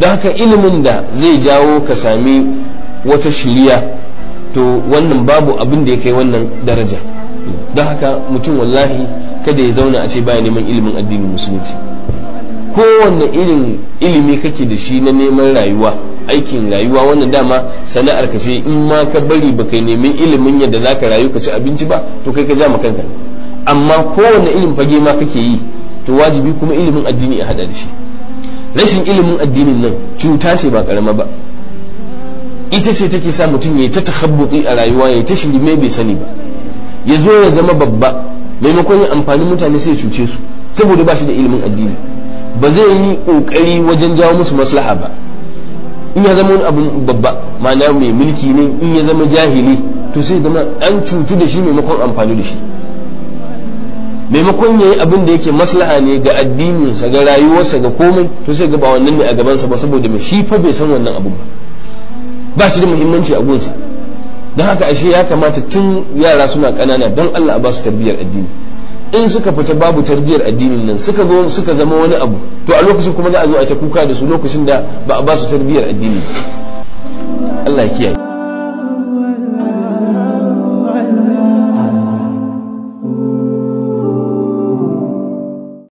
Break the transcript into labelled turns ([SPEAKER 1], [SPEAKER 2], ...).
[SPEAKER 1] don haka ilimin da zai jawo ka sami wata shiriya to wannan babu abin da ya kai wannan daraja don haka mutum wallahi kada ya zauna a ce baya neman ilimin addinin musulunci kowanne irin ilimi kake da shi na neman rayuwa aikin rayuwa wannan dama sana'ar ka ce in ma ka bari ba kai nemi ilimin yadda za ka rayu ka ci abinci ba to kai ka ja kanka amma kowanne irin fage ma kake yi to wajibi kuma ilimin addini a hada da shi rashin ilimin addinin nan cuta ce ba karama ba ita ce take sa mutum ya ta tahabbuki a rayuwa ya ta shiri mai bai sani ba ya zo ya zama babba maimakon ya amfani mutane sai ya cuce su saboda ba shi da ilimin addini ba zai yi kokari wajen jawo musu maslaha ba in ya zama wani abu babba ma'ana mai mulki ne in ya zama jahili to sai zama an cutu da shi maimakon amfani da shi maimakon ya yi abin da yake maslaha ne ga addininsa ga rayuwarsa ga komai to sai ga ba wannan ne a gabansa ba saboda mai shi fa bai san wannan abun ba ba shi da muhimmanci a gunsa don haka ashe ya kamata tun yara suna kanana don Allah a ba su tarbiyyar addini in suka fita babu tarbiyyar addinin nan suka suka zama wani abu to a lokacin kuma za a zo a ta kuka da su lokacin da ba a ba su tarbiyyar addini Allah ya kiyaye